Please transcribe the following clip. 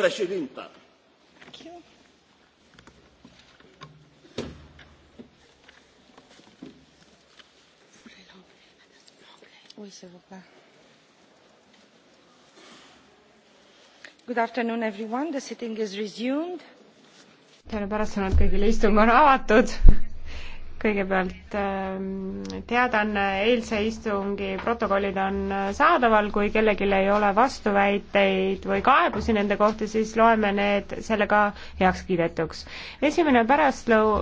președintă. Oui, s'il vous plaît. Good afternoon, everyone. The sitting is resumed. tere pärastlõunat kõigile, istung on avatud kõigepealt ähm, teadaanne, eilse istungi protokollid on äh, saadaval, kui kellelgi ei ole vastuväiteid või kaebusi nende kohta, siis loeme need sellega heaks kiidetuks. esimene pärastlõu